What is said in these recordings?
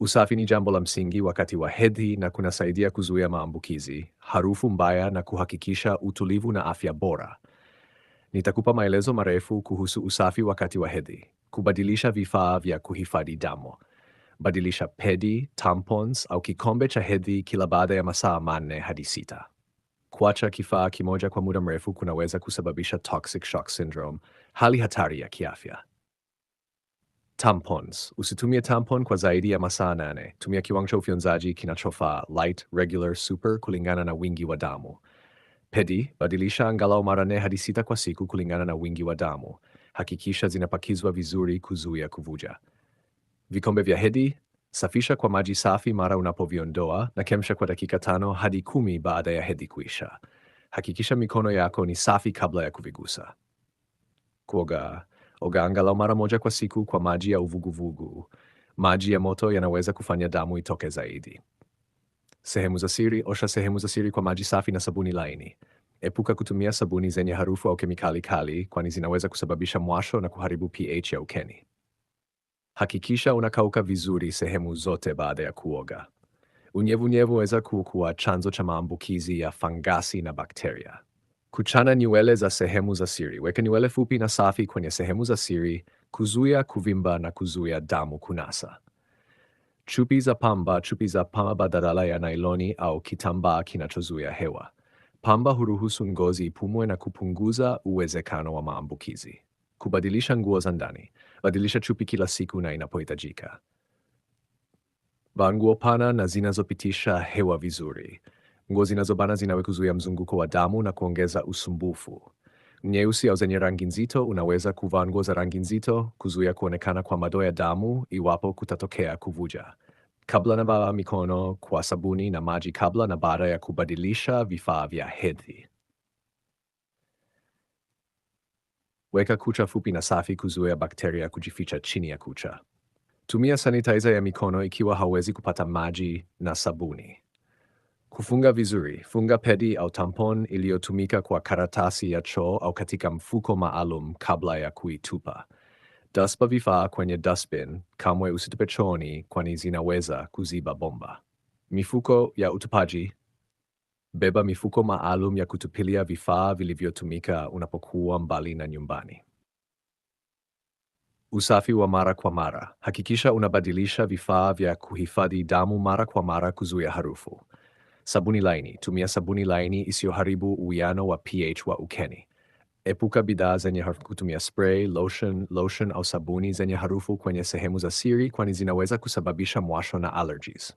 Usafi ni jambo la msingi wakati wa hedhi na kunasaidia kuzuia maambukizi, harufu mbaya na kuhakikisha utulivu na afya bora. Nitakupa maelezo marefu kuhusu usafi wakati wa hedhi. Kubadilisha vifaa vya kuhifadhi damu. Badilisha pedi, tampons au kikombe cha hedhi kila baada ya masaa manne hadi sita. Kuacha kifaa kimoja kwa muda mrefu kunaweza kusababisha toxic shock syndrome, hali hatari ya kiafya tampons. Usitumie tampon kwa zaidi ya masaa nane. Tumia kiwango cha ufyonzaji kinachofaa, light, regular, super, kulingana na wingi wa damu. Pedi, badilisha angalau mara nne hadi sita kwa siku kulingana na wingi wa damu. Hakikisha zinapakizwa vizuri kuzuia kuvuja. Vikombe vya hedhi, safisha kwa maji safi mara unapoviondoa na kemsha kwa dakika tano hadi kumi baada ya hedhi kuisha. Hakikisha mikono yako ni safi kabla ya kuvigusa. Kuoga oganga mara moja kwa siku kwa maji ya uvuguvugu. Maji ya moto yanaweza kufanya damu itoke zaidi. Sehemu za siri: osha sehemu za siri kwa maji safi na sabuni laini. Epuka kutumia sabuni zenye harufu au kemikali kali, kwani zinaweza kusababisha mwasho na kuharibu pH ya ukeni. Hakikisha unakauka vizuri sehemu zote baada ya kuoga. Unyevunyevu weza kuwa chanzo cha maambukizi ya fangasi na bakteria kuchana nywele za sehemu za siri. Weka nywele fupi na safi kwenye sehemu za siri, kuzuia kuvimba na kuzuia damu kunasa. Chupi za pamba. Chupi za pamba badala ya nailoni au kitambaa kinachozuia hewa. Pamba huruhusu ngozi ipumue na kupunguza uwezekano wa maambukizi. Kubadilisha nguo za ndani. Badilisha chupi kila siku na inapohitajika. Vaa nguo pana na zinazopitisha hewa vizuri. Nguo zinazobana zinawe kuzuia mzunguko wa damu na kuongeza usumbufu. Nyeusi au zenye rangi nzito, unaweza kuvaa nguo za rangi nzito kuzuia kuonekana kwa madoa ya damu iwapo kutatokea kuvuja. Kabla navawa mikono kwa sabuni na maji kabla na baada ya kubadilisha vifaa vya hedhi. Weka kucha fupi na safi kuzuia bakteria kujificha chini ya kucha. Tumia sanitizer ya mikono ikiwa hauwezi kupata maji na sabuni. Kufunga vizuri: funga pedi au tampon iliyotumika kwa karatasi ya choo au katika mfuko maalum kabla ya kuitupa. Daspa vifaa kwenye dustbin. Kamwe usitupe chooni, kwani zinaweza kuziba bomba. Mifuko ya utupaji: beba mifuko maalum ya kutupilia vifaa vilivyotumika unapokuwa mbali na nyumbani. Usafi wa mara kwa mara: hakikisha unabadilisha vifaa vya kuhifadhi damu mara kwa mara kuzuia harufu. Sabuni laini: tumia sabuni laini isiyoharibu uwiano wa pH wa ukeni. Epuka bidhaa zenye harufu kutumia spray, lotion, lotion au sabuni zenye harufu kwenye sehemu za siri, kwani zinaweza kusababisha mwasho na allergies.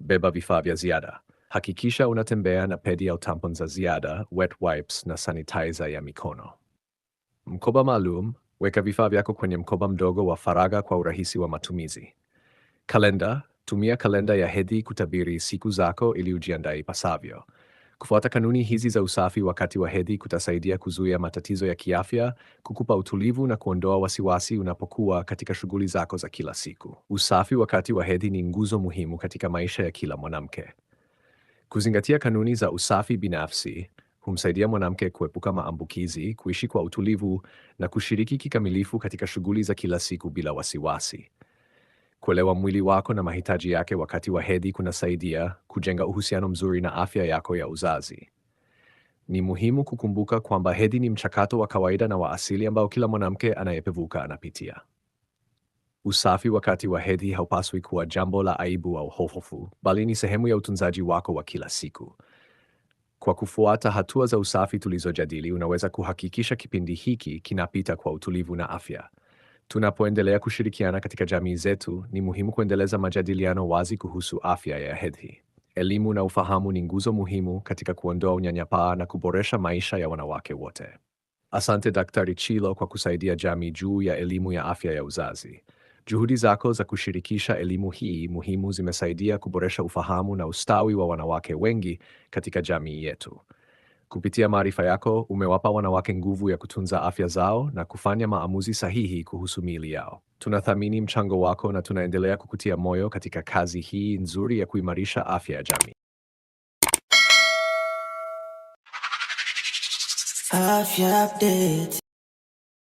Beba vifaa vya ziada. Hakikisha unatembea na pedi au tampon za ziada, wet wipes na sanitizer ya mikono. Mkoba maalum: weka vifaa vyako kwenye mkoba mdogo wa faraga kwa urahisi wa matumizi. Kalenda: Tumia kalenda ya hedhi kutabiri siku zako ili ujiandae ipasavyo. Kufuata kanuni hizi za usafi wakati wa hedhi kutasaidia kuzuia matatizo ya kiafya, kukupa utulivu na kuondoa wasiwasi unapokuwa katika shughuli zako za kila siku. Usafi wakati wa hedhi ni nguzo muhimu katika maisha ya kila mwanamke. Kuzingatia kanuni za usafi binafsi humsaidia mwanamke kuepuka maambukizi, kuishi kwa utulivu na kushiriki kikamilifu katika shughuli za kila siku bila wasiwasi. Kuelewa mwili wako na mahitaji yake wakati wa hedhi kunasaidia kujenga uhusiano mzuri na afya yako ya uzazi. Ni muhimu kukumbuka kwamba hedhi ni mchakato wa kawaida na wa asili ambao kila mwanamke anayepevuka anapitia. Usafi wakati wa hedhi haupaswi kuwa jambo la aibu au hofu, bali ni sehemu ya utunzaji wako wa kila siku. Kwa kufuata hatua za usafi tulizojadili, unaweza kuhakikisha kipindi hiki kinapita kwa utulivu na afya. Tunapoendelea kushirikiana katika jamii zetu, ni muhimu kuendeleza majadiliano wazi kuhusu afya ya hedhi. Elimu na ufahamu ni nguzo muhimu katika kuondoa unyanyapaa na kuboresha maisha ya wanawake wote. Asante Daktari Chilo kwa kusaidia jamii juu ya elimu ya afya ya uzazi. Juhudi zako za kushirikisha elimu hii muhimu zimesaidia kuboresha ufahamu na ustawi wa wanawake wengi katika jamii yetu. Kupitia maarifa yako umewapa wanawake nguvu ya kutunza afya zao na kufanya maamuzi sahihi kuhusu miili yao. Tunathamini mchango wako na tunaendelea kukutia moyo katika kazi hii nzuri ya kuimarisha afya ya jamii. Afya update.